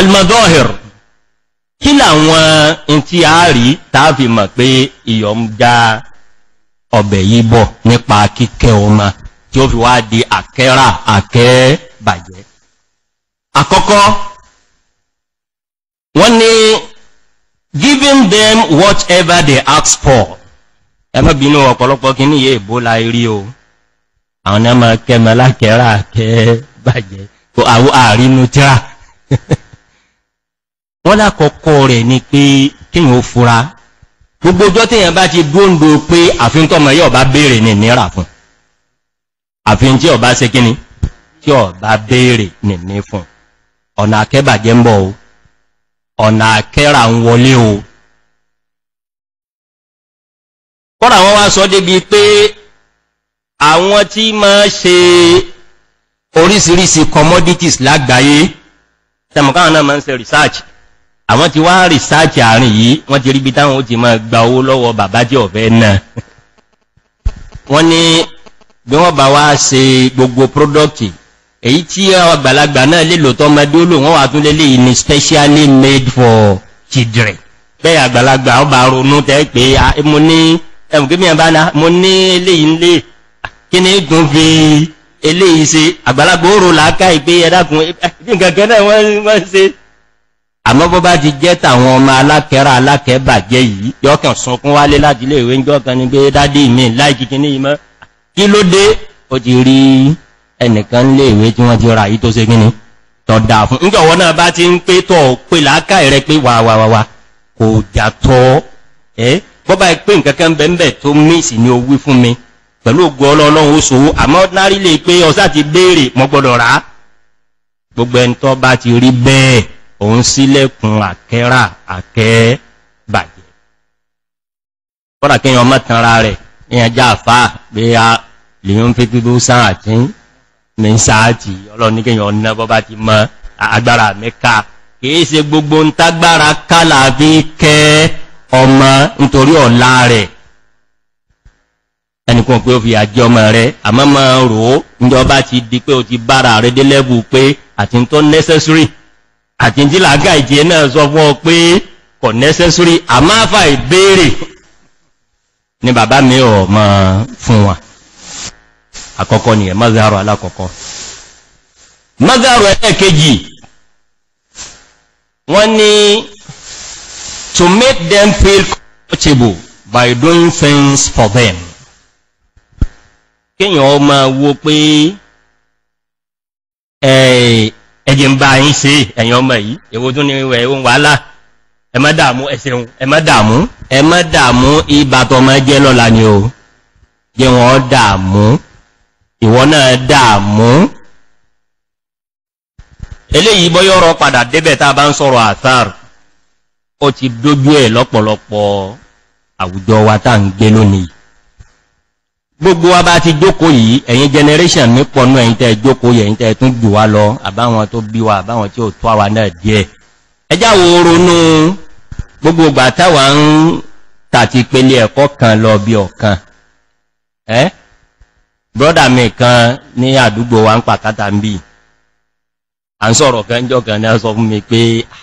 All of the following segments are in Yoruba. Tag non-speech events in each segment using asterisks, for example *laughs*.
almadọ́hìr kí làwọn in tí a rí tààfi mọ̀ pé ìyọ̀ ń já ọbẹ̀ yìí bọ̀ nípa kíkẹ́ ọmọ tí ó fi wá di àkẹ́rà àkẹ́ bàjẹ́ àkọ́kọ́ wọ́n ní giving them whatever they ask for ẹmọ́ bínú ọ̀pọ̀lọpọ̀ kí ní iye ìbólà irí o àwọn náà máa kẹ́mọ́ lákẹ́rà àkẹ́ bàjẹ́ àrínú tíra *laughs* wọ́n lákọ̀ọ́kọ́ rẹ̀ ni pé kíyàn ó fura gbogbo ọjọ́ tíyàn bá ti dóńdó pé àfin tọ́mọ yóò bá béèrè ní nira fún àfin tí ọba ṣe kíni tí ọba béèrè ní ní fún ọ̀nà akẹ́bàjẹ́ ń bọ̀ o ọ̀nà akẹ́ra ń wọlé o kọ́ra wọ́n wá sọ débi pé àwọn tí máa ṣe oríṣiríṣi commodities lágbàáyé tẹmọ̀káwọn náà máa ń ṣe research àwọn ti wá rìsáàtì àárín yìí wọ́n ti ríbi táwọn ó ti máa gba owó lọ́wọ́ bàbá jẹ́ ọ̀fẹ́ náà wọ́n ní bí wọ́n bá wá ṣe gbogbo product èyí tí àgbàlagbà náà lélò tó ọmọdé wọ́n wà tún lélè ní specially made for children bẹ́ẹ̀ àgbàlagbà ó bá ronú tẹ́ pé mo ní ẹ̀mùn kébìyàn bá ná mo ní eléyìí nílé kí ni tún fi àgbàlagbà ó rò láákà ìpé náà wọ́n ṣe àmọ́ bọ́ bá ti jẹ́ tàwọn ọmọ alákẹ́rà alákẹ́bàjẹ́ yìí yọ́kàn sọkún wálé láti ilé ìwé jọ́ kan ní pé dádì mi láìkí kí ní ìmọ́ kí ló dé ó ti rí ẹnìkan lé ìwé tí wọ́n ti ra yìí tó ṣe gíní tọ̀dà fún ǹjọ̀wọ́ náà bá ti gbogbo ẹni bá ti rí bẹ́ẹ̀ òun sílẹ̀kùn àkẹ́rà àkẹ́ bàjẹ́ kọ́nà kí yàn mọ́tànra rẹ̀ yàn já àfá pé a lè yàn fi gbogbo sáà tí ní sáàtì ọlọ́ni kí yàn ọ̀nà bọ́bá ti mọ́ agbára mẹ́ka kìí ṣe gbogbo ń tágbára kálà fi kẹ́ ọmọ nítorí ọ̀la rẹ̀ ẹnìkan pé ó fi àjẹ́ ọmọ rẹ̀ àmọ́ máa rò ó níjọba ti di pé ó ti bára rẹ̀ délẹ́bù pé àti tó necessary àtìntí làágà ìtì ẹ̀ náà sọ fún ọ pé kò nẹ́sẹ́sórí àmáfà ìbéèrè ni bàbá mi ò mọ̀ fún wa àkọ́kọ́ ni ẹ̀ mọ́gàrò alákọ̀ọ́kọ́ mọ́gàrò ẹlẹ́ẹ̀kejì wọ́n ní to make them feel comfortable by doing things for them kéèyàn ó máa wo pé eh, ẹjẹ́ ń bá yín ṣe ẹ̀yin ọmọ yìí èwo tún ní ìwẹ̀ ohun wàhálà ẹ má dààmú ẹ̀ṣẹ̀hun ẹ má dààmú ẹ má dààmú ìbátọmọ jẹ́ lọ́la ni o jẹ́ wọn dààmú ìwọ náà dààmú eléyìí bọ́yọ́rọ̀ padà débẹ̀ tá a bá ń sọ̀rọ̀ àtàr ó ti dójú ẹ̀ lọ́pọ̀lọpọ̀ àwùjọ wa tá ń gbé lónìí gbogbo wa bá ti jókòó yìí ẹ̀yin generation ní pọ̀nú ẹ̀yin tẹ́ jókòó yẹ̀yin tẹ́ tún jù wá lọ àbáwọn tó bí wa àbáwọn tí ó tó àwa náà díẹ̀ ẹjá wo ronú gbogbo ìgbà táwa ń tàti pele ẹ̀kọ́ kan lọ bí ọ̀kan ẹ́ brọ́dà mi kan ní àdúgbò wa ń pàkátà ń bí à ń sọ̀rọ̀ kan jọ kan náà sọ fún mi pé ah,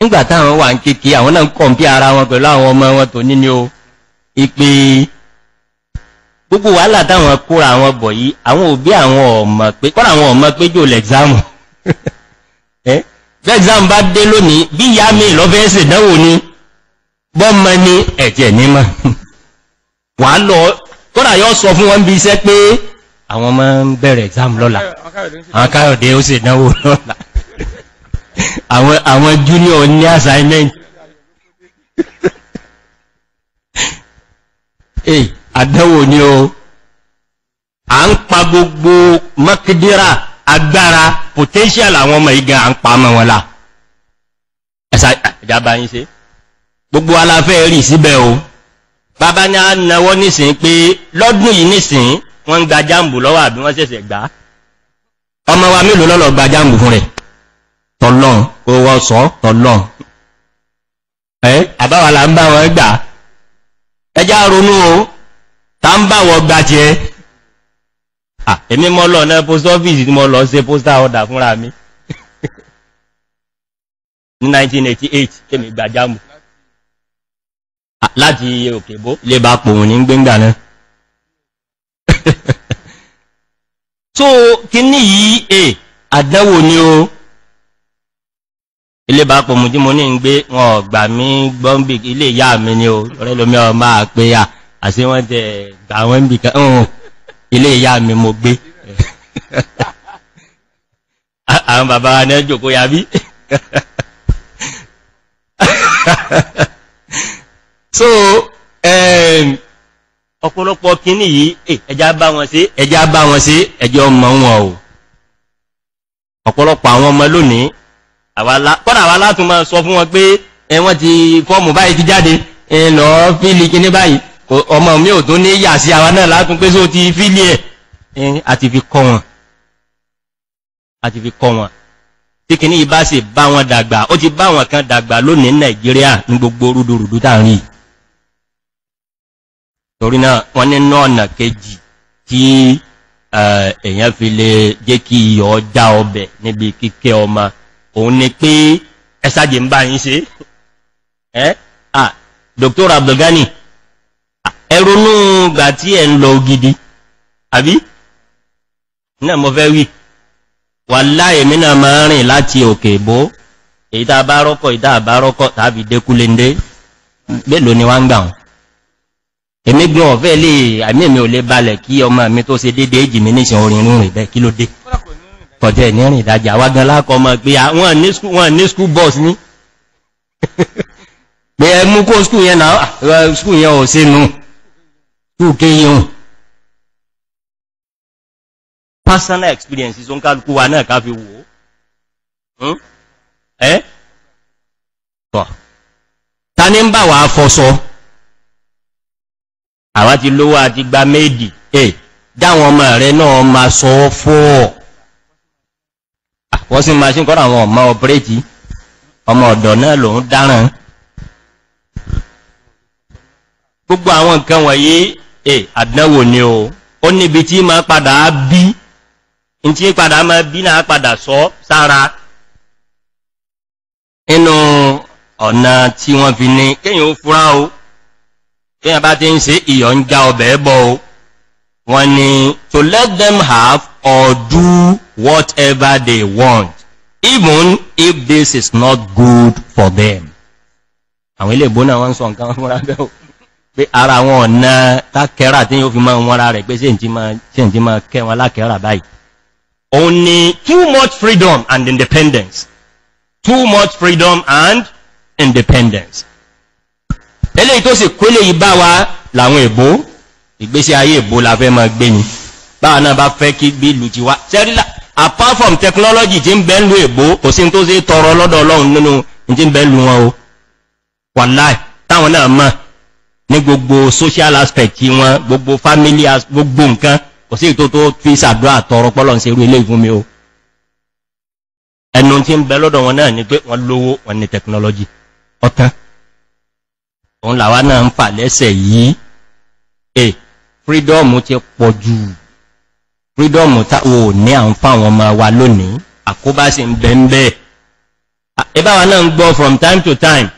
nígbà táwọn wà ń kéèké àwọn náà ń kọ̀ǹpí ara wọn pẹ̀lú àwọn ọmọ wọn tó ní ni ó ipe gbogbo wàhálà táwọn kóra àwọn bọ̀ yìí àwọn òbí àwọn ọmọ pé kọ́ra àwọn ọmọ pé jò lẹ́gzámù *laughs* lẹ́gzámù bá dé lónìí bí ìyá mi lọ́fẹ́ ṣèdánwò ni bọ́mọ ni ẹ̀jẹ̀ nímọ̀ *laughs* wàá lọ kọ́ra yóò sọ fún wọn bí iṣẹ́ pé àwọn ọmọ ń bẹ̀rẹ̀ exam lọ́la àwọn káyọ̀dé ó sì dánwò *laughs* lọ́la àwọn junior ní assignment àdánwò ni o à ń pa gbogbo mọ́kídírà agbára potential àwọn ọmọ igan à ń pa mọ́ wọn la ẹ̀sà ìjábá yín ṣe gbogbo aláfẹ́ rí síbẹ̀ o bàbá ní a náwọ́ nísìn pé lọ́dún yìí nísìn wọ́n ń gba jáàmbù lọ́wọ́ àbí wọ́n ṣẹ̀ṣẹ̀ gbá ọmọ wa mélòó lọ́lọ́ gba jáàmbù fún rẹ̀ tọ́lọ́n kó wọ́n sọ tọ́lọ́n ẹ́ àbáwà là ń bá wọn gbà ẹjá ronú o ta ń bá wọ gba jẹ́ èmi mọ́ lọ náà post office tí mọ́ lọ ṣe postal order fúnra mi ní 1988 kémi gbàjámù láti òkèbó lè bá pòun ní gbéngbà náà *laughs* so kíní yìí è àdánwò ni o ilé bá pòun tí mo ní gbé wọn ọ̀gbà mi gbọ́nbì ilé ìyá mi ni o ọ̀rẹ́lómi ọmọ àpéyà àṣẹ wọ́n tẹ gbà wọ́n ń bí kan ọ̀hún oh, ilé ìyá mi mo gbé *laughs* àwọn bàbá ní ẹjọ́ kó yá bí *laughs* so ọ̀pọ̀lọpọ̀ kìíní yìí eh, ẹjá bá wọn sí ẹjá bá wọn sí ẹjọ́ ọmọ wọn o ọ̀pọ̀lọpọ̀ àwọn ọmọ lónìí kọ́nà àwà látún máa sọ fún wọn pé ẹwọ́n ti fọ́ọ̀mù báyìí ti jáde ẹ̀lọ́ fílì kìíní báyìí ọmọ mi ò tún ní yà sí àwọn náà látún pé só ti fílì ẹ̀ àti fi kọ́ wọn àti fi kọ́ wọn tí kì ní ìbá sì bá wọn dàgbà ó ti bá wọn kan dàgbà lónìí nàìjíríà ní gbogbo rúdurùdú tààrin torí náà wọ́n ní nọ́ọ̀nà kejì tí èèyàn fi lè jẹ́ kí iyọ̀ já ọbẹ̀ níbi kíkẹ́ ọmọ òun ni pé ẹsájì ń bá yín ṣe ẹ́ ah Dr. Abdulgani ẹrùnú gbà tí ẹ ń lọ ògidì àbí náà mo fẹ́ wí wà láì mínà máa rìn láti òkè ìbò ìdá àbárọ́kọ̀ ìdá àbárọ́kọ̀ tàbí dékúléndé gbélò ni wá ń gbà wọn èmi gbọ́n ọ̀fẹ́ lè àmì èmi ò lè balẹ̀ kí ọmọ mi tó ṣe dédé èjì mi ní ìṣẹ́ orin rìn bẹ́ kí ló dé kọjẹ́ ìnírìn ìdájà wá gan lákọ ọmọ pé wọ́n ní school bus ní *laughs* pé ẹmú kó school yẹn náà school yẹn ò sínú tóòkè yíhun personal experiences o ń kálukú wa náà ká fi wò ó hmm? ẹ́ tọ́ ta ní ń bà wà fọ́sọ àwa ti lówó àti gba méèdì ẹ̀ dáwọn ọmọ rẹ̀ náà ma sọ fọ́ ah, wọ́n sí machine kọ́nà àwọn ọmọ ọ̀pẹ́rẹ́tì ọmọ ọ̀dọ̀ náà lòun dáràn gbogbo àwọn nǹkan wọ̀nyí ẹ̀ eh, àdánwò ni o ó níbi tí ma padà bí in tí padà ma bí náà padà sọ sára inú ọ̀nà tí wọ́n fi ní kéyàn ó fúra o kéyàn bá ti ń ṣe ìyọ̀ ń já ọbẹ̀ bọ́ o wọ́n ni to let them have or do whatever they want even if this is not good for them àwọn ilé ìbónà wọ́n sọ nǹkan fúnra bẹ́ẹ̀ o pé ara wọn ọ̀nà tákẹ́rà tí yóò fi máa wọn ara rẹ̀ pé sí ìjí máa kẹ́ wọn lákẹ́rà báyìí òun too much freedom and independence too much freedom and independence eléyìí tó sì kólé yìí bá wa làwọn èbó ìgbésí ayé èbó la fẹ́ máa gbé ni báwa náà bá fẹ́ kí bí ìlú ti wá sẹ́rílà apart from technology tí ń bẹ ń lu èbó kò sí tó sí tọrọ lọ́dọ̀ ọlọ́run nínú tí wọn o wàláì táwọn náà máa ní gbogbo social aspect wọn gbogbo family gbogbo nǹkan kò sí ètò tó fi sàdúrà tọrọ pọ́lọ̀ ń ṣe irú ilé ìfún mi o ẹnu tí ń bẹ lọ́dọ̀ wọn náà ni pé wọ́n lówó wọn ni technology ọ̀tán òun làwa náà ń fà lẹ́sẹ̀ yìí e freedom ti pọ̀ jù freedom táwò ní à ń fáwọn ọmọ wa lónìí àkóbá sì ń bẹ bẹ́ẹ̀ from time to time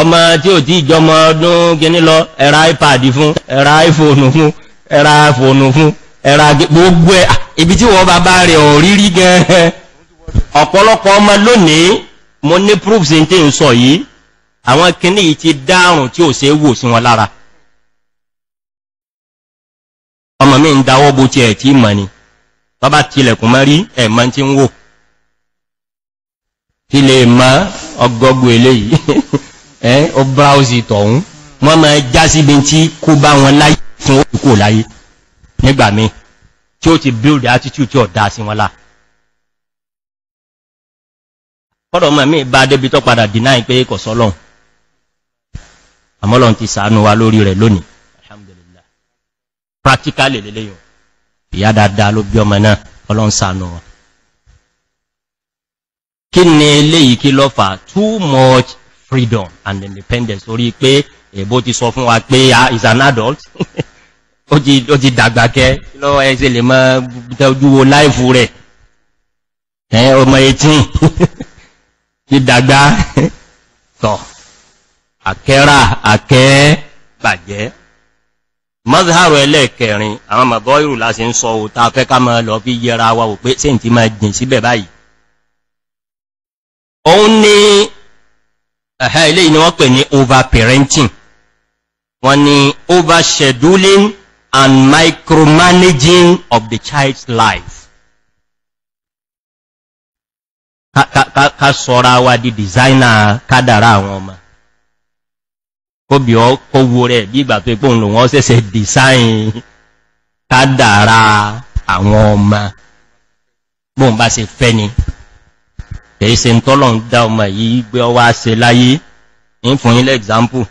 ọmọ tí ò tí ìjọmọ ọdún gini lọ ẹ̀rà ipad fún ẹ̀rà iphone fún ẹ̀rà iphone fún ẹ̀rà gbogbo ẹ̀ ah, ibi tí wọ́n bá bá rẹ̀ ọ̀rírí gan ọ̀pọ̀lọpọ̀ ọmọ lónìí mo ní proofs tí ń sọ yìí àwọn kìíní yìí ti dárùn tí ò ṣe wò sí wọn lára ọmọ mi ń dáwọ́ bó ti ẹ̀ tí mọ̀ ni bàbá tilẹ̀kùn mọ́ rí ẹ̀ tí ń wò tí mọ́ ọgọ́gbò eléyìí *laughs* ẹ́ o bráùsì tọ̀hún wọ́n máa ma síbi tí kó bá wọn láyé fún òkú láyé nígbà míì tí ti build attitude tí ó dá sí wọn mí deny ti wa lori loni. alhamdulillah practically kí ni eléyìí kí too freedom and independence orí pé èbó ti sọ fún wa pé is ah, an adult *laughs* ó ti dàgbàkẹ́ lọ́wọ́ ẹsẹ̀ lè mọ́ tẹ́júwò láìfù rẹ̀ ẹ̀ ọmọ 18 ti dàgbà *laughs* *laughs* tọ̀ àkẹ́rà àkẹ́ bàjẹ́ mọ́síhàrò ẹlẹ́ẹ̀kẹrin àwọn mọ̀bọ́ ìrù láti ń sọ òta fẹ́ ká mọ́ lọ fi yẹra wa wò pé sí ti máa jìn síbẹ̀ báyìí òun ni ẹ̀hẹ́ ilé ni wọ́n pè ní overparenting wọ́n ni overscheduling and micromanaging of the child's life ká sọ́ra wa di designer kádàrá àwọn ọmọ kó bí ọ kó wo rẹ̀ bí ìgbà tó ipò òun wọ́n sẹ́sẹ̀ design kádàrá àwọn ọmọ bóun bá ṣe fẹ́ ni kìí ṣe ń tọ́lọ̀ ń dá ọmọ yìí gbé ọwá ṣe láyé ń fún ilẹ̀ example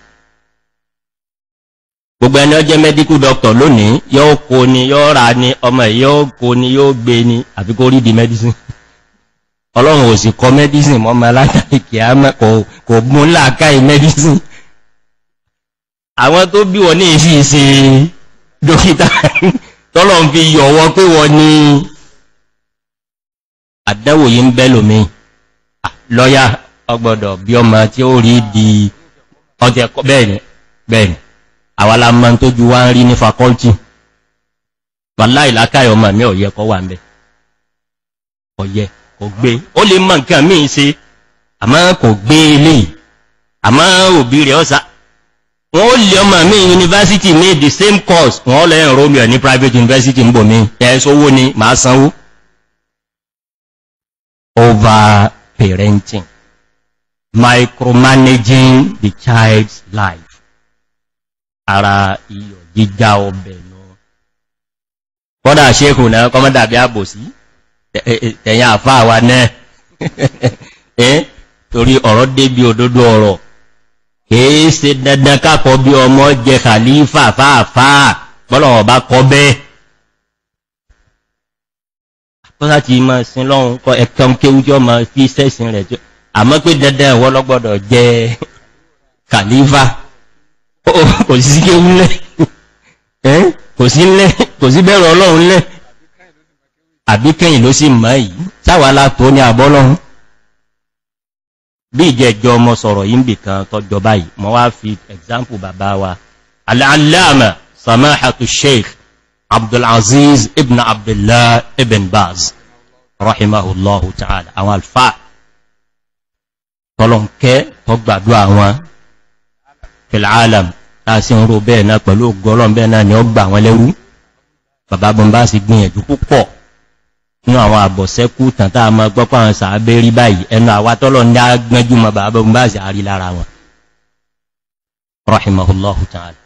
gbogbo ẹni ọjẹ́ medical doctor lónìí yóò kó ni yóò rà ni ọmọ yóò kó ni yóò gbé ni àfi kó rí di medicine ọlọ́run ò sì kọ medicine mọ́ ma látàrí kì á mẹ́ kò medicine àwọn tó bí wọ́n ní ìfi ìse dókítà *laughs* tọ́lọ̀ ń fi yọ̀wọ́ pé wọ́n ní àdáwò ń bẹ́lòmíì lọ́yá ọgbọ̀dọ̀ bí ọmọ tí ó rí di ọjẹ́ bẹ́ẹ̀ni bẹ́ẹ̀ni àwàlá mọ́ tó ju wá ń rí ní fakọ́ltì wàlá ìlàkàyọ̀ ọmọ mi ọ̀yẹ́ kọ́ wà mẹ́ ọ̀yẹ́ kò gbé ó lè mọ́ nǹkan míì ṣe àmọ́ kò gbé ilé àmọ́ òbí rẹ̀ ọ́sà wọ́n lè ọmọ mi university ní the same course wọ́n lọ private university ń bò mí ẹ̀ over parenting, micromanaging the child's life. Ara iyo gíga ọbẹ̀ náà. Kọ́dà ṣékù náà kọ́mọ́ dàbí àbò sí, ẹ̀yìn wa ne. Eh? torí ọ̀rọ̀ débi òdodo ọ̀rọ̀. Kèé ṣe dandan kákọ bí ọmọ fa. kàlífà fáàfáà, bọ́lọ̀ ọ̀bá kọ kọ́sá ti mọ̀ sí lọ́hun kọ ẹ̀kan kéwújọ́ mọ̀ fi sẹ́sìn rẹ̀ jọ àmọ́ pé dandan ẹ̀wọ́ lọ́gbọ́dọ̀ jẹ́ kàlífà kò sí kéwú lẹ̀ *laughs* kò sí lẹ̀ kò sí bẹ̀rọ ọlọ́run lẹ̀ àbí kẹ́yìn ló sì mọ̀ yìí sáwà látò ní àbọ́lọ́run bí ìjẹjọ ọmọ sọ̀rọ̀ yìí ń bì kan tọ́jọ báyìí mọ́ wá fi example bàbá wa al-allama samahatu sheikh abdulaziz ibn abdullah ibn baz rahimahullahu ta'ala àwọn alfa tọ́lọ̀nkẹ́ tọ́gbàdúwà wọn fil'alam láti ń ro bẹ́ẹ̀ náà pẹ̀lú ọgọ́rọ̀ bẹ́ẹ̀ náà ni ó gbà wọn lẹ́rú bàbá bọ́n bá sì gbìyànjú púpọ̀ nínú àwọn àbọ̀sẹ́kú tàntà àmọ́ gbọ́pọ̀ àwọn sàábẹ́ rí báyìí ẹnu àwà tọ́lọ̀ ní agbẹ́jú mọ̀ bàbá bọ́n bá sì àrí lára wọn rahimahullahu ta'ala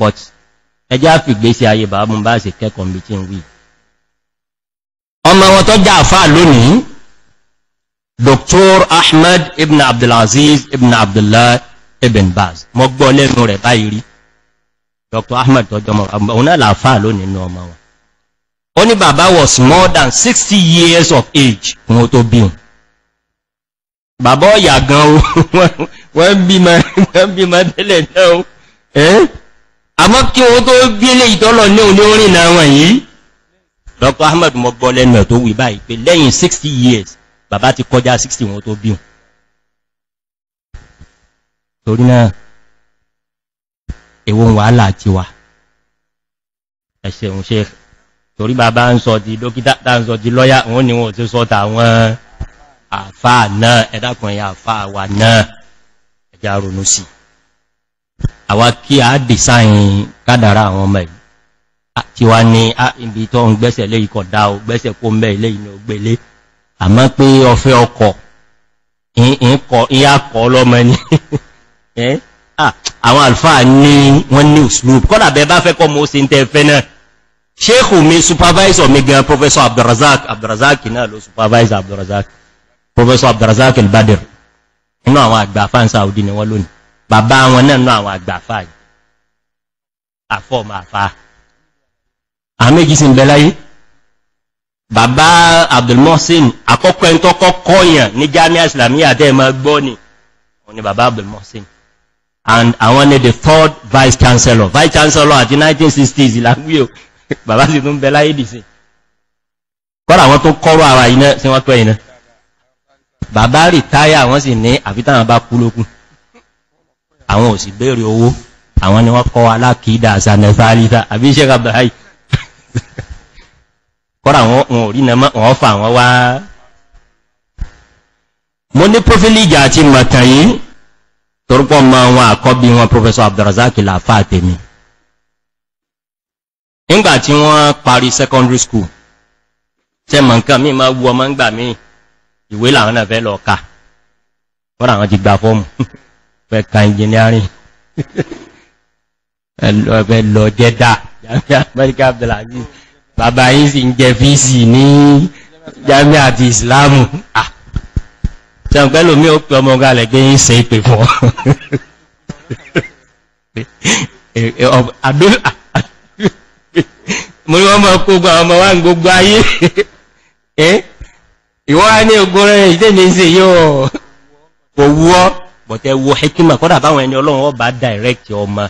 but ẹjá fìgbésí ayé bàbá mú bá sì kẹ́kọ̀ọ́ bí tí ń wí ọmọ wọn tó já àfáà lónìí Dr. Ahmed ibn Abdulaziz ibn Abdullah ibn Baz mọ́ gbọ́ lẹ́nu rẹ̀ báyìí rí Dr. Ahmed tọ́jọ́ mọ́ òun náà làáfáà lónìí nínú ọmọ wọn ó ní bàbá was more than 60 years of age kún ó tó bí un bàbá ọ̀yà gan-an *laughs* wọ́n bímọ tẹ́lẹ̀ náà àmọ́ kí wọ́n tó bí ilé ìtọ́lọ̀ ní òní orin náà wọ̀n yìí Dr. Ahmed mọ́gbọ́ lẹ́nu ẹ̀ tó wí báyìí pé lẹ́yìn 60 years bàbá ti kọjá 60 wọn tó bí wọn torí náà èwo wàhálà ti wà ẹ̀ṣẹ̀hùn ṣe torí bàbá ń sọ di dókítà tá ń sọ di lọ́yà wọ́n ni wọ́n ti sọ tàwọn àfáà náà ẹ̀dàkùnrin àfáà wà náà ẹjà ronú sí i àwa kí a dìsáyìn kádàrá àwọn ọmọ yìí tí wá ní a ibi tó ń gbẹ́sẹ̀ lé ikọ̀ dá o gbẹ́sẹ̀ kó mẹ́ ilé ìnà ògbélé àmọ́ pé ọfẹ́ ọkọ̀ ìyàkọ̀ ọlọ́mọ ni *laughs* àwọn alfáà ní wọ́n ní ìsìlúù kọ́dà bẹ bá fẹ́ kọ́ mọ́ mi professor abdulrazak abdulrazak náà ló supervisor abdulrazak professor abdulrazak elbadir inú àwọn àgbà fáǹsà òdí ni wọ́n bàbá wọn náà náà àwọn àgbàfà àfọ́ọ̀mà àfà àmẹ́jì sí ìbẹ̀láyé bàbá abdulmohsen àkọ́kọ́ ẹni tọ́kọ́ kọ́yàn ní jami'a islamiyya dẹ́ ma gbọ́ ni wọ́n ni bàbá abdulmohsen and àwọn ni the third vice chancellor vice chancellor àti 1960s ìlàgbíò *laughs* bàbá sì tún bẹ̀láyé dìsìn kọ́rọ̀ àwọn tó kọ́rọ̀ àwà iná tí wọ́n tọ́ iná bàbá rìtáyà wọ́n sì ní àfitáwọn bá kú lókùn àwọn òsì béèrè owó àwọn ni wọ́n kọ́ alákìídà sanẹfàálítà àbí iṣẹ́ rabahai kọ́ra wọn ò rí náà wọ́n fà wọ́n wá mo ní pọ́fílìjì àti mọ̀tàn yìí torúpọ̀ mọ́ wọn àkọ́bí wọn professor abdulrazak lafa àtẹ̀mí nígbà tí wọ́n parí secondary school tẹ́ mọ̀ nǹkan mí máa wú ọmọ ń mí ìwé làwọn náà fẹ́ lọ ka kọ́ra wọn ti gba fọ́ọ̀mù *laughs* fẹ́ ka engineering *laughs* ẹ̀fẹ́ lọ jẹ́dà jami'a America Abdulaziz bàbá yìí sì ń jẹ fíìsì ní jami'a àti Islamu ṣẹ̀pẹ́lòmí ó pẹ ọmọ ọgá lẹ́gbẹ́ yìí ṣe ìpè fún *laughs* mo ní wọ́n mọ́ kógbà ọmọ wá ń gbogbo ayé *laughs* ìwọ́n ní ogun rẹ̀ ìdẹ́ mi ń se yóò But bọ̀tẹ̀ wo hekima kọ́dà báwọn ẹni ọlọ́run ọba direct ọmọ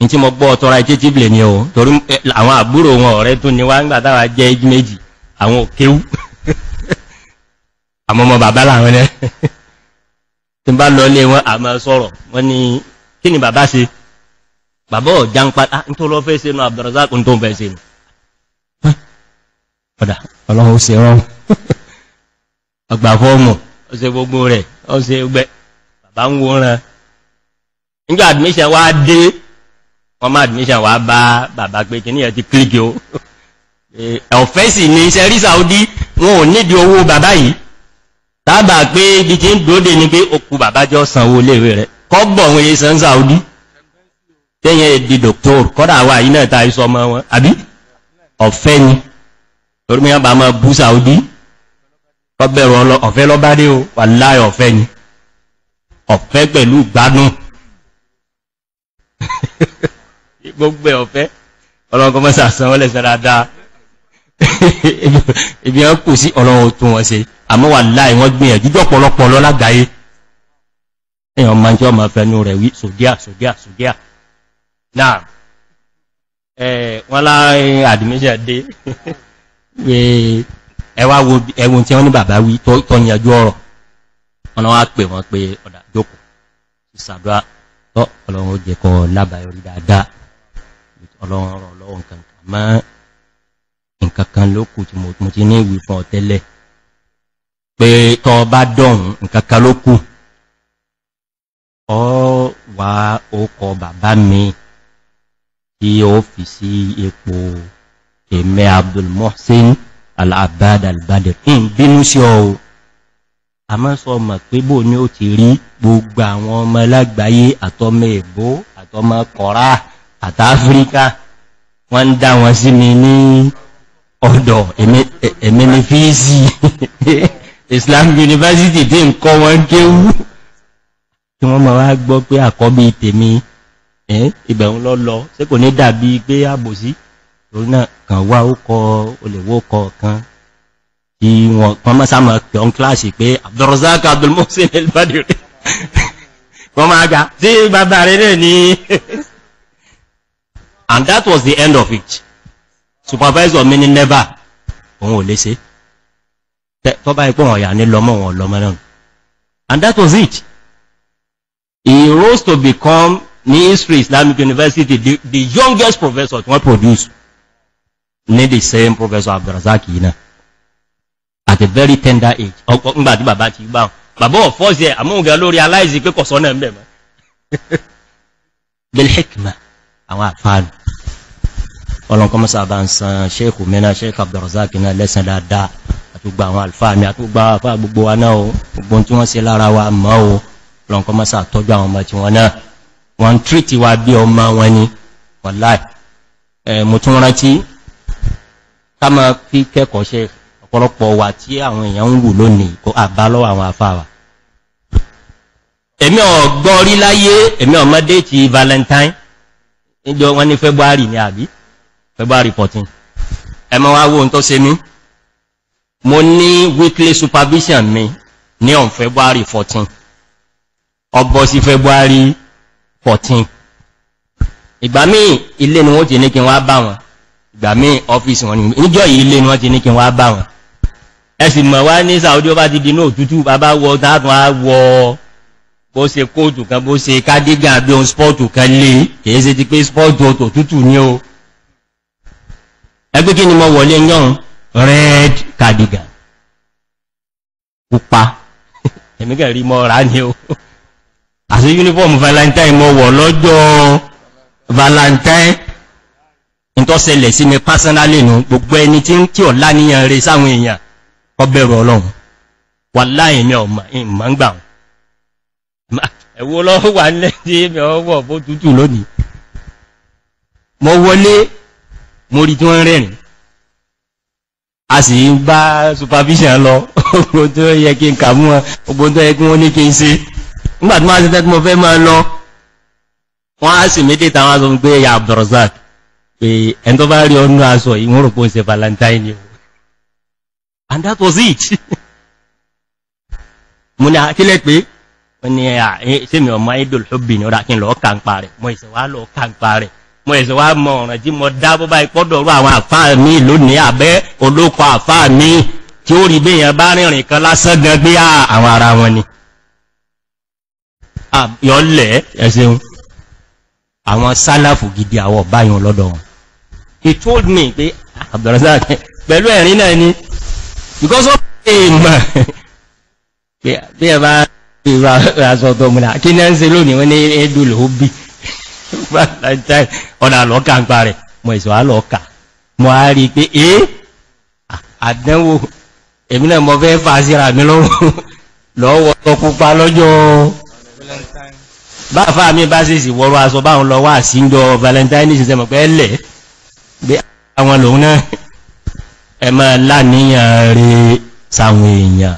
ní tí mo gbọ́ ọ̀tọ́ra ẹjẹ́ tí bìlẹ̀ ni o torí àwọn àbúrò wọn ọ̀rẹ́ tún ni wá ń gbà táwà jẹ́ ijú méjì àwọn òkéwú *laughs* àmọ́ ọmọ bàbá làwọn ẹ̀ *laughs* tí bá lọ lé wọn àmọ́ sọ̀rọ̀ wọ́n ni kí ni bàbá ṣe bàbá ọ̀já ń pátá ah, ní tó lọ fẹ́ ṣe nù Abdurrazak tó ń fẹ́ ṣe nù *laughs* ọ̀dà ọlọ́run ó ṣe rọrùn ọgbà fọ́ọ̀mù ọ̀sẹ̀ gbogbo rẹ̀ ọ̀sẹ̀ gbẹ bàbá ń wo ràn nígbà admission wá dé wọ́n má admission wá bá bàbá pé kí ní ẹ̀ ti kílìkì o eh, ọ̀fẹ́ sì ní iṣẹ́ rí Saudi wọn ò nídi owó bàbá yìí tábà pé ibi tí ń dóde ni pé òkú bàbá jọ sanwó léèwé rẹ̀ kọ́bọ̀ wọn yìí san Saudi tẹ́yẹn èdè dòktór kọ́dà wà yìí náà ta ìsọmọ wọn àbí ọ̀fẹ́ ni torí mi bá máa bú Saudi ọbẹ̀rù ọ̀fẹ́ lọ́bá dé o wà láì ọ̀fẹ́ ni ọ̀fẹ́ pẹ̀lú gbádùn *laughs* gbogbo ọ̀fẹ́ ọlọ́gọ́ mọ́sà san wọ́lẹ̀ sẹ́ràdá ibi wọ́n kù sí ọlọ́run tó wọ́n se àmọ́ wà láì wọ́n gbìyànjú jọ́pọ̀lọpọ̀ lọ́lágbàáyé èèyàn máa jọ́ máa fẹnu rẹ̀ wí sòdíà sòdíà sòdíà náà wọ́n láàrin àdìmíṣẹ́ dé *laughs* ẹwà ẹwùn tí wọ́n ní bàbá wí tọ́yànjú ọ̀rọ̀ ọ̀nà wá pè wọ́n pé ọ̀dà jókòó ìsàdúrà tọ́ ọlọ́run ó jẹ́kọ́ lábàáyọ̀ rí dáadáa ọlọ́run ọ̀rọ̀ ọlọ́run kankan má nkankan lókù tí mo ti ní ìwé fún ọ̀tẹ́lẹ̀ pé tọ́ bá dọ̀hun nkankan lókù ọ wà ókọ ó fi sí ipò èmẹ́ Abdul Mohsin al-abbad al-badr in bínú sí ọ̀wọ̀ a mọ́ sọ mọ̀ pé bò ní ó ti rí gbogbo àwọn ọmọ lágbàáyé àtọmọ èbó àtọmọ kọ̀rá àti áfíríkà wọ́n ń dá wọn sí mi ní ọ̀dọ̀ èmi *laughs* Islam University tí ń kọ́ wọn kéwú tí wọ́n máa wá gbọ́ pé àkọ́bí tèmi ibẹ̀ ń lọ lọ ṣé ní dàbí pé àbòsí torí náà wá ó olèwó kọ kan tí wọn kan mọ́ sáàmà kẹ̀ọ́n kíláàsì pé Abdurrazak Abdul Muhsin al-Badri wọ́n máa ga tí bàbá rẹ̀ rẹ̀ ní and that was the end of it supervisor mi ní never òun ò lè ṣe tọ́bá ipò wọn ní lọ́mọ wọn lọ́mọ náà and that was it he rose to become ní history Islamic University the, the youngest professor to produce ní the same professor abdulrazak yìí náà at a very tender age ọ̀pọ̀ ńgbà tí bàbá ti gbà bàbá ò fọ́sí ẹ̀ àmúhùngẹ́ lórí aláìsí pé kọ̀sọ́ náà mẹ́mọ́ *laughs* bilhikma àwọn àfáàlù ọlọ́nkọ́mọ́sá bá ń san sheikh mẹ́na sheikh abdulrazak náà lẹ́sàn dáadáa àtúgbà àwọn alfáàmì àtúgbà àfá gbogbo wa náà gbogbo tí wọ́n ṣe lára wa mọ́ o ọlọ́nkọ́mọ́sá tọ́jú àwọn ọmọ tí wọ́n náà wọ́n ń tírìtì wa bí ọmọ wọn ni wọ́n láì mo tún ká máa fi kẹ́kọ̀ọ́ ṣe ọ̀pọ̀lọpọ̀ wà tí àwọn èèyàn ń wù lónìí kó àbá lọ́wọ́ àwọn afáwà èmi ọ̀gbọ́ rí láyé èmi ọmọdé ti valentine níjọ wọn ní february ní àbí february 14 ẹmọ wá wo ohun tó ṣe mí mo ní weekly supervision mi ní on february 14 ọbọ̀ sí february 14 ìgbà míì ilé ni wọ́n ti ní kí wọ́n bá wọn gbàmí ọ́fíìsì wọn ni níjọ́ yìí lé ní wọ́n ti ní kí wọ́n bá wọn ẹ̀sì mọ̀ wá ní Saudi ó bá ti dínú òtútù bàbá wọ dáàtùn á wọ bó ṣe kóòtù kan bó ṣe kádígà bí ohun spọ́ọ̀tù kan lè kìí ṣe ti pé spọ́ọ̀tù òtútù ní o ẹgbẹ́ kí ni mo wọlé yán red cardigan pupa ẹ̀mígẹ̀ *laughs* rí valentine mo wọ̀ lọ́jọ́ valentine ìtọ́sẹlẹ̀ sí mi pásánálì nù gbogbo ẹni tí ń kí ọ̀ láníyàn rẹ sáwọn èèyàn ọbẹ̀rù ọlọ́run wà láì mi ọmọ ìmọ̀ ń gbà ẹ̀wọ́ lọ́wọ́ wà nílẹ̀ tí mi ọwọ́ bó tútù lónìí mo wọlé mo rí tí supervision lọ ogbó tó yẹ kí n kà mú wọn ogbó tó yẹ kí wọ́n ní kí n ṣe nígbà tí wọ́n á ṣe tẹ́tí mo fẹ́ máa lọ wọ́n á sì mí tètè àwọn aṣọ pé ya Abdulrazak pé ẹn tó bá rí ọnú aṣọ yìí rò pé valentine ni and that was it *laughs* mo ní akílẹ̀ ah, pé wọ́n ni ah, ṣe mi ọmọ idol hobby ni ó dá kí n lọ kàǹpa rẹ̀ mo ìṣẹ̀ wá lọ kàǹpa rẹ̀ mo ẹ̀sẹ̀ wá mọ̀ ọ̀ràn tí mo dá bó bá ìpọ́dọ̀rú àwọn àfáà mi lónìí àbẹ́ olóko àfáà mi tí ó rí bíyàn bá rìnrìn kan lásán gan gbé ah, àwọn ara wọn ni yọ́lẹ̀ ẹ̀sẹ̀un àwọn sálàfù gidi àwọ̀ báyìí lọ́dọ̀ wọn he told me pé ah, abdulrasaq pẹ̀lú ẹ̀rín náà ni because of èèmọ̀ bí ẹ bá ìrọ aṣọ tó múlá kí náà ń ṣe lónìí wọ́n ní ẹdùn ló bí ọ̀nà àlọ́kà ń pa rẹ̀ mọ̀ ìṣọ́ àlọ́kà mọ̀ á rí pé é àdánwò èmi náà mọ̀ fẹ́ fà síra mi lọ́wọ́ *laughs* lọ́wọ́ to pupa lọ́jọ́ báfà mi bá sì sì wọ́rọ̀ aṣọ báwọn lọ wá sí ń jọ valentine ṣiṣẹ́ mọ̀ pé ẹlẹ́ẹ̀ bí àwọn lòun náà ẹ máa láníyàn rí sáwọn èèyàn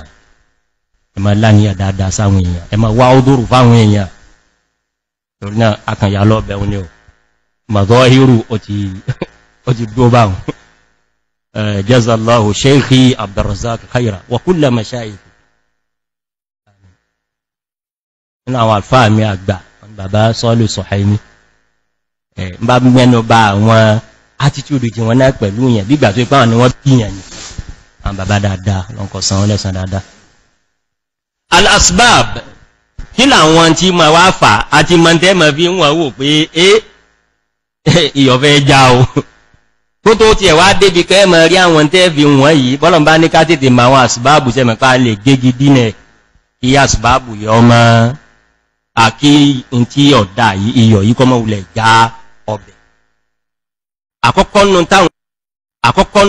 ẹ máa láníyàn dáadáa sáwọn èèyàn ẹ máa wá ọdúrù fáwọn èèyàn torí náà akànyà lọ́bẹ̀ òní ò mọ̀gọ́ hírù ó ti dó báhùn khaira wa kulla mashayikh nínú àwọn alfáà mi àgbà attitude tí wọ́n náà pẹ̀lú yẹn bígbà tó ipáwọn ni wọ́n bí yẹn ni àwọn bàbá dáadáa lọ́nkọ̀ san wọ́n lẹ́sàn dáadáa al-asbab kí làwọn tí ma wá fà àti mọ̀ntẹ́ ma fi ń wọ́n wò pé é ìyọ̀fẹ́ já o kó tó tiẹ̀ wá débi kẹ́ mọ̀ rí àwọn tẹ́ fi wọ́n yìí bọ́lọ̀ bá ní ká tètè ma wọn asbáàbù sẹ́mẹ̀ pa lè gégi dínẹ̀ kí asbáàbù yọ mọ́ àkí tí ọ̀dá iyọ̀ yìí kọ́mọ̀ wulẹ̀ já ọbẹ̀ àkọ́kọ́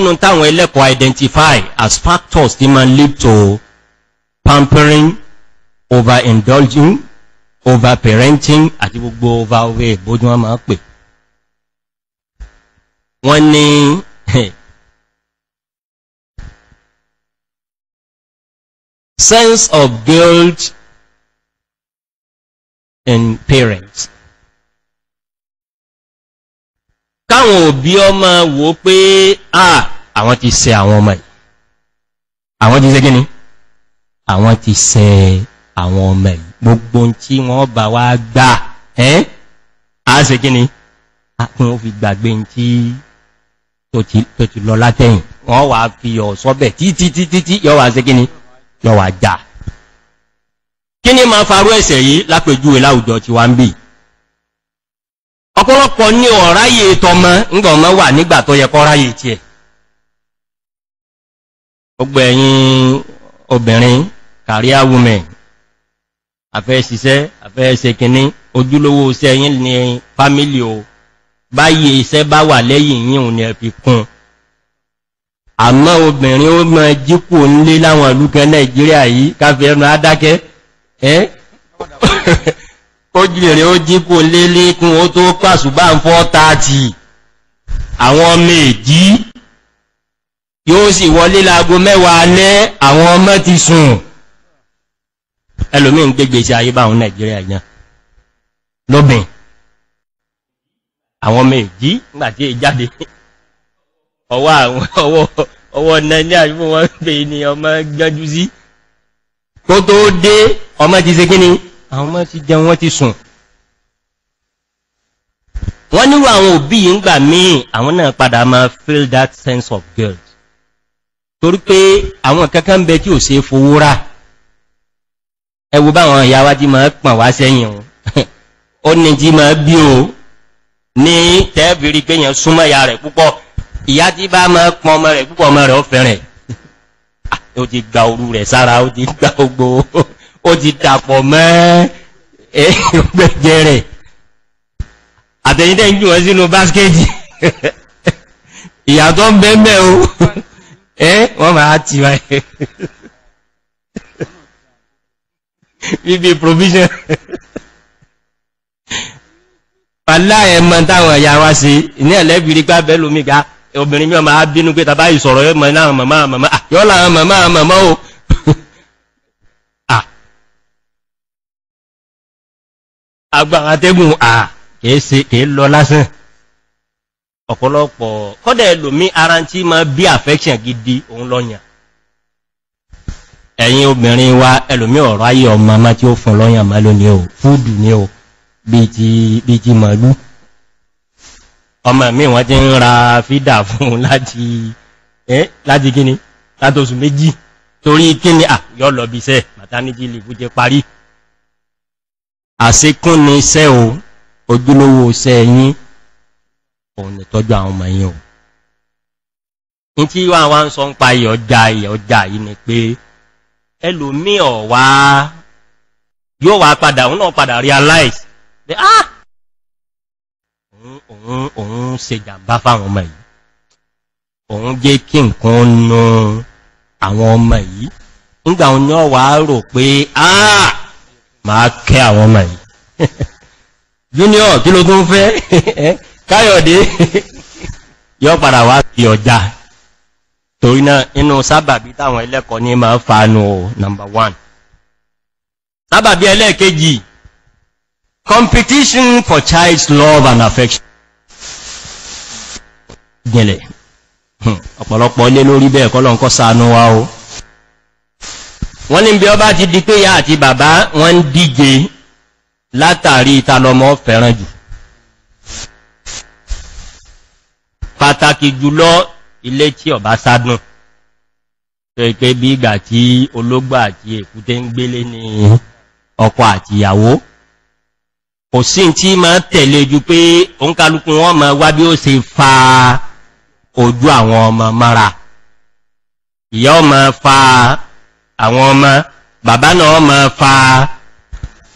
nù táwọn ẹlẹ́kọ̀ọ́ identify as factors tí ma lead to pampering overindulging overparenting àti gbogbo overweight bójú wọn máa pè wọ́n ní *laughs* sense of guilt in parents káwọn òbí ọmọ wò pé à àwọn ti ṣe àwọn ọmọ yìí àwọn ti ṣe gíní àwọn ti ṣe àwọn ọmọ yìí gbogbo tí wọ́n bá wá gbà ẹ́ a ṣe gíní akún ó fi gbàgbé tí tó ti lọ látẹ̀yìn wọ́n wà fi ọ̀sọ́bẹ̀ títítítí yọ́ wà ṣe gíní yọ́ wà já kí ni ma farú ẹ̀sẹ̀ yìí lápèjúwe láwùjọ ti wá ń bìí ọ̀pọ̀lọpọ̀ ní ọ̀ráyè tọmọ ńgbọ̀mọ́ wà nígbà tó yẹ kọ́ ráyè tí ẹ̀ ọgbẹ̀ ẹ̀yìn obìnrin career women afẹ́ ṣiṣẹ́ kìíní ojúlówó iṣẹ́ yín ní fámílì o báyìí iṣẹ́ bá wà lẹ́yìn àmọ́ obìnrin yìí kójú èrè ó jí kó lélé kún ó tó pàṣùgbà ń fọ́ tààtì àwọn ọmọ èjì yóò sì wọlé láago mẹ́wàá alẹ́ àwọn ọmọ ti sùn ẹlòmí ń gbégbé sí ayé báwọn nàìjíríà yàn lóbìn àwọn ọmọ èjì nígbàtí ìjáde ọwọ́ àwọn ọwọ́ nàìjíríà fún wọn pè ní ọmọ gbẹ́jú sí àwọn ọmọ ti jẹun wọ́n ti sùn wọ́n nílò àwọn òbí yìí ń gbà míì àwọn náà padà máa feel that sense of guilt torí pé àwọn kankan ń bẹ tí ò ṣe fowó rà ẹwù báwọn ìyáwá tí máa pọ̀n wá sẹ́yìn o *laughs* ó ní tí máa bí o ní tẹ́ẹ̀bìrí pé yẹn súnmọ́ ìyá rẹ̀ púpọ̀ ìyá tí bá máa pọ̀n ọmọ rẹ̀ púpọ̀ ọmọ rẹ̀ ó fẹ́rẹ̀ *laughs* ó ti gba òru rẹ̀ sára ó ti gba gbogbo *laughs* ó ti dàpọ̀ mẹ́ ẹgbẹ̀jẹ̀ rẹ̀ àtẹ̀yìntẹ̀ ń jù wọ́n sínú báskẹ́jì ìyàtọ̀ ń bẹ́ mẹ́ o ẹ́ wọ́n máa ti wá ẹ̀ bíbí provision pàlá ẹ̀mọ́ táwọn ẹ̀yà wá sí ní ẹ̀lẹ́bìrí pá bẹ́lómi ga obìnrin mi ọmọ á pé tàbá ìsọ̀rọ̀ yọ́ náà màmá màmá yọ́ agbára tẹ́gùn à kìí lọ lásán ọ̀pọ̀lọpọ̀ kọ́dẹ̀ lòmí ara tí ma bí affection gidi òun lọ́yàn ẹ̀yin obìnrin wa ẹlòmí ọ̀rọ̀ ayé ọmọ má tí ó fún lọ́yàn má ló ní o fúdù ní o bí ti màlú ọmọ mi wọ́n ti ń ra fídà fún láti eh látòsù méjì torí kíni à yọ́ lọ bí iṣẹ́ maternity leave jẹ parí àṣekún ní iṣẹ́ o ojúlówó iṣẹ́ yín òun ni tọ́jú àwọn ọmọ yín o ní tí wà wá ń sọ ń pa ìyọ̀ ọjà ìyọ̀ ọjà yìí ni pé ẹlòmí ọ̀wá yóò wá padà òun náà padà realize pé ah òun òun ṣe jàmbá fáwọn ọmọ yìí òun jẹ́ kí nǹkan nu àwọn ọmọ ah máa kẹ́ àwọn ọmọ yìí junior kí ló tún fẹ́ káyọ̀dé yọ padà wá sí ọjà torí náà inú sábàbí táwọn ẹlẹ́kọ̀ọ́ ní máa fàánù o number one sábàbí ẹlẹ́ẹ̀kejì competition for child's love and affection gẹ̀lẹ̀ hm, ọ̀pọ̀lọpọ̀ lé lórí bẹ́ẹ̀ kọ́lọ̀ ń kọ́ ṣàánú wa o wọ́n ní bí ọba ti di pé ya àti bàbá wọ́n ń díje látàrí ìtàlọmọ fẹ́ràn jù pàtàkì jùlọ ilé tí ọba sádùn tó ipé bí ìgbà tí ológbò àti èkúté ń gbélé ní ọkọ àti ìyàwó kò sí tí ma tẹ̀lé ju pé òǹkálukú wọn ma wá bí ó ṣe fa ojú àwọn ọmọ mara ìyá ọmọ fa àwọn ọmọ bàbá náà ma fa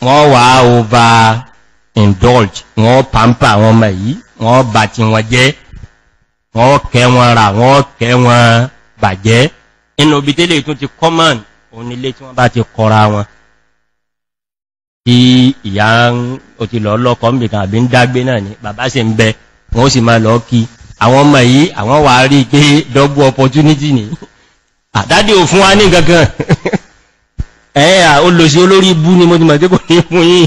wọ́n wà over indulge wọ́n pàmpà àwọn ọmọ yìí wọ́n bà tí wọ́n jẹ́ wọ́n kẹ́ wọn rà wọ́n kẹ́ wọn bàjẹ́ inú obi tẹ́lẹ̀ tún ti common onílé tí wọ́n bá ti kọra wọn tí ìyá o ti lọ lọ́kọ́ ń bèkà àbí ń dágbé náà ni bàbá sì ń bẹ wọ́n sì máa lọ kí àwọn ọmọ yìí àwọn wà rí pé double opportunity ni àdádé ò fún wa ní gangan ẹ̀yà olóṣì olórí ibú ni mo ti mọ̀ tí kò ní fún yí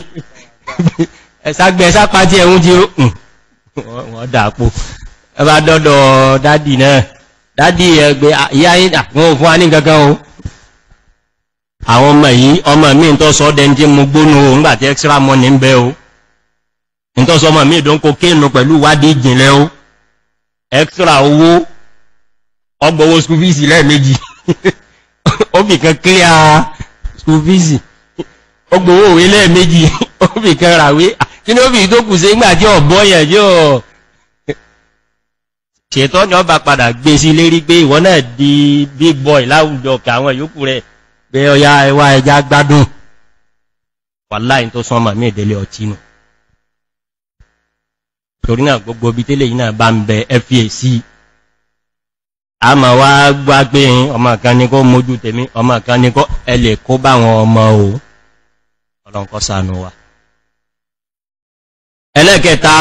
ẹ̀sàgbẹ̀ sápá tí ẹ̀hún tí wọ́n dàpò ẹbá dọ́dọ̀ dádì náà dádì ẹgbẹ̀ ìyá àwọn òfún wa ní gangan o àwọn extra money ń bẹ o ìtọ́sọ ọmọ mi ìdónkò kéènù extra owó ọgbọ̀wọ́ school fees lẹ́ẹ̀mejì ó fi kan clear school fees ó gbowó òwe lẹ́ẹ̀mejì *laughs* ó fi kan ràwé kí ni ó fi tó kù sí ìgbà tí ọ̀bọ yẹn tí ọ̀ ṣètọ́ ni ọ bá padà gbé sí lérí pé ìwọ náà di big boy láwùjọ kí àwọn yòókù rẹ̀ pé ọya ẹwà ẹja gbádùn wàláì tó sánmà ní ìdílé ọtí nù torí náà gbogbo bí tẹ́lẹ̀ yìí náà bá ń bẹ fac a ma wá gbá pé ọmọ kan ní kó mójú tèmi ọmọ kan ní kó ẹlẹ̀ kó bá wọn ọmọ o ọlọ́nkọ́ sànú wa ẹlẹ́kẹta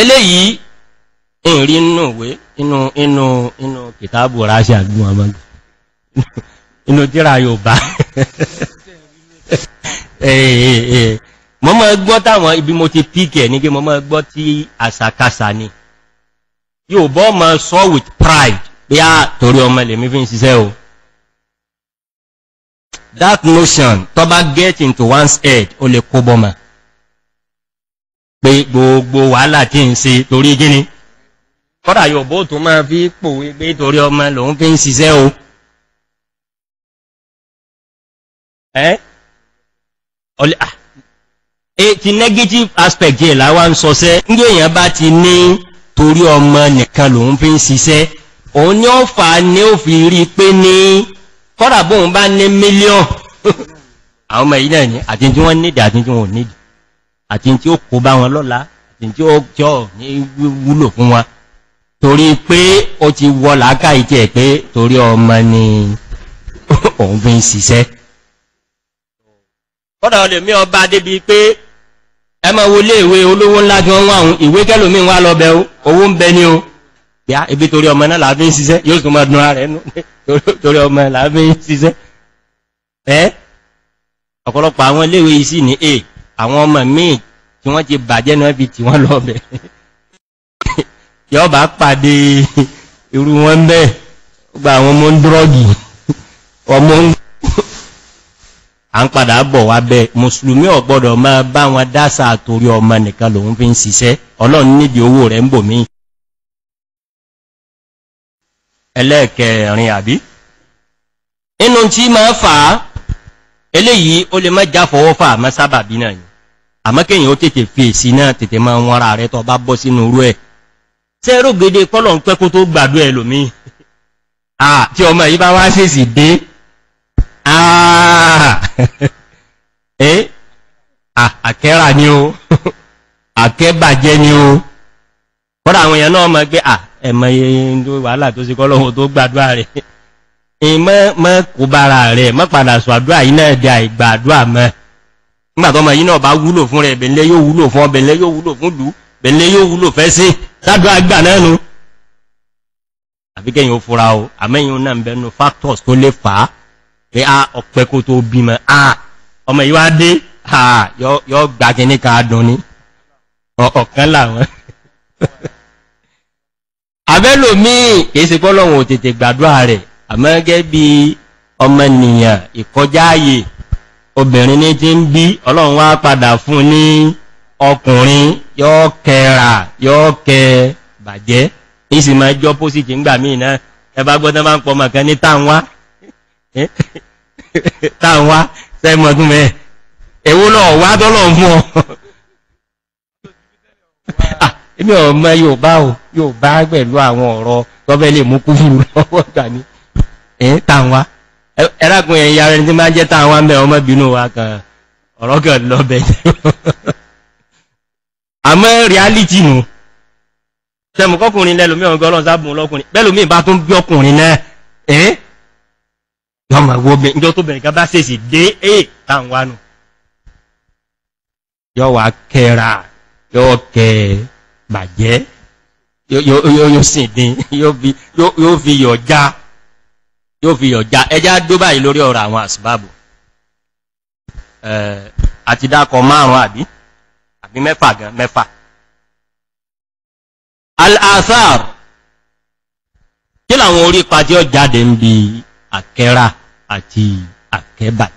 eléyìí ìrí inú ìwé inú inú inú kìtàbù ráṣẹ́ àgbọn àmàgbà inú tíra yóò bá ẹ̀ẹ̀ẹ̀ẹ̀ mọ́ mọ́ gbọ́ táwọn ibi mo ti píkẹ̀ ní pé mọ́ mọ́ gbọ́ tí àsàkásà ni yóò bọ́ mọ́ sọ with pride pé á ah, torí ọmọ lèmi fi ń ṣiṣẹ́ o that notion tó bá get into one's head ó lè kó bọ́mà pé gbogbo wàhálà tí ń ṣe torí gíní kọ́dà yóò bó tó máa fi pòwe pé torí ọmọ lòun fi ń ṣiṣẹ́ o ọlẹ́ ah E, ti negative aspect yẹ láwá ń sọsẹ́ ní èyàn bá ti ní torí ọmọ nìkan lòun fi ń ṣiṣẹ́ òun ni ó fà ní ó fi rí pé ní kọ́dà bóun bá ní mílíọ̀n *laughs* àwọn ọmọ yìí náà ni àti tí wọ́n nídìí àti tí wọ́n nídìí àti tí ó kó bá wọn lọ́la àti tí ó jọ ní wúlò fún wa torí pé ó ti wọ làákà ìtẹ́ pé torí ọmọ ni *laughs* òun fi ń ṣiṣẹ́ kọ́dà olè ọba débi pé ẹ máa wo léèwé olówó ńlá gan wọ́n àwọn ìwé kẹ́lòmí wá lọ bẹ̀ owó ń bẹ ní o yá ibi torí ọmọ náà láàbí ń ṣiṣẹ́ yóò tún máa dùn ara ẹnu *laughs* torí ọmọ láàbí ń ṣiṣẹ́ ẹ́ ọ̀pọ̀lọpọ̀ àwọn iléèwé isi ní a àwọn ọmọ míì tí wọ́n ti bàjẹ́ náà bí tí wọ́n lọ bẹ̀ *laughs* yọ́ bá pàdé irú wọn bẹ́ẹ̀ gba àwọn ọmọ ń dúrọ́gì ọmọ ń à ń padà bọ̀ wá bẹ́ mùsùlùmí ò gbọ́dọ̀ máa bá wọn dásà torí ọmọ nìkan lòun fi ń ṣiṣẹ́ ọlọ́run níbi owó rẹ̀ ń bò mí ẹlẹ́ẹ̀kẹrin àbí inú tí máa fà á eléyìí ó lè má já fọwọ́ fà má sábà bí náà yìí àmọ́ kéèyàn ó tètè fi èsì náà tètè máa wọ́n ara rẹ̀ tó bá bọ́ sínú irú ẹ̀ sẹ́rọ̀gede kọ́lọ̀ ń pẹ́kú tó gbàdú ẹlòmíì àti ọmọ yìí bá wá ṣèṣì dé àkẹ́rà ni ó *laughs* àkẹ́bàjẹ́ ni ó kọ́dà àwọn èèyàn náà mọ̀ pé à ẹ̀mọ̀ yẹn tó wàhálà tó sí kọ́lọ́wọ́ tó gbàdúrà rẹ̀ mọ́ kò bára rẹ̀ mọ́ padà sọ àdúrà yìí náà dà ìgbàdúrà mọ́ nígbàtọ́mọ̀ yìí náà bá wúlò fún rẹ̀ bẹ̀lẹ́ yóò wúlò fún ọbẹ̀lẹ́ yóò wúlò fún lù bẹ̀lẹ́ yóò wúlò fẹ́ sí sádùn àgbà náà nù àfikẹ́yìn ó fura o àmẹ́yìn náà bẹnu factors tó lè fà á pé a ọ̀pẹ́ kó tó bímọ a ọmọ yìí yọ gbà kìíní kan adùn ní ọ̀kan láwọn abẹ́lò míì kìí ṣe pọ́lọ̀wọ̀n òtètè gbàdúrà rẹ̀ àmọ́gẹ́ bí ọmọnìyàn ìkọjáàyè obìnrin ní ti ń bí ọlọ́run wá padà fún ní ọkùnrin yọ́ kẹra yọ́ kẹ bàjẹ́ ìsì máa jọ pósìtì ń gbà míì náà ẹbá gbọ́dọ̀ máa ń pọ̀ mọ̀kan ní táwọn wá sẹ́mọ̀tún *laughs* mẹ́ẹ̀ èwo lọ wá dọ́lọ̀ mú ọ *laughs* ah, èmi ọmọ Yorùbá o Yorùbá pẹ̀lú àwọn ọ̀rọ̀ gọ́bẹ̀ lè mú kúfùrù *laughs* lọ́wọ́ gbà ní ẹ̀yìn tàwa ẹ̀rákùn ẹ̀yà rẹ̀ tí máa jẹ́ tàwa mẹ́ ọmọ bínú wa kan ọ̀rọ̀ kan lọ́bẹ̀ *laughs* àmọ́ reality nù sẹ́mùkọ́kùnrin lẹ́lùmí ọ̀gọ́ ọlọ́run sábùn lọ́kùnrin bẹ́lùmí bá tún bí ọkùnrin náà ẹ̀ẹ́ yọ́mọ̀ ìwọ̀bẹ̀ ìjọ tó yóò wà kẹra yóò kẹ bàjẹ́ yóò sì dín yóò fi yọ̀ já yóò fi yọ̀ já ẹjá dó báyìí lórí ọ̀rọ̀ àwọn àsìbábù àti dákọ̀ márùn-ún àbí àbí mẹ́fà gan mẹ́fà al-athar kí làwọn orí pàtí ọ jáde ń bi àkẹ́rà àti àkẹ́bàjẹ́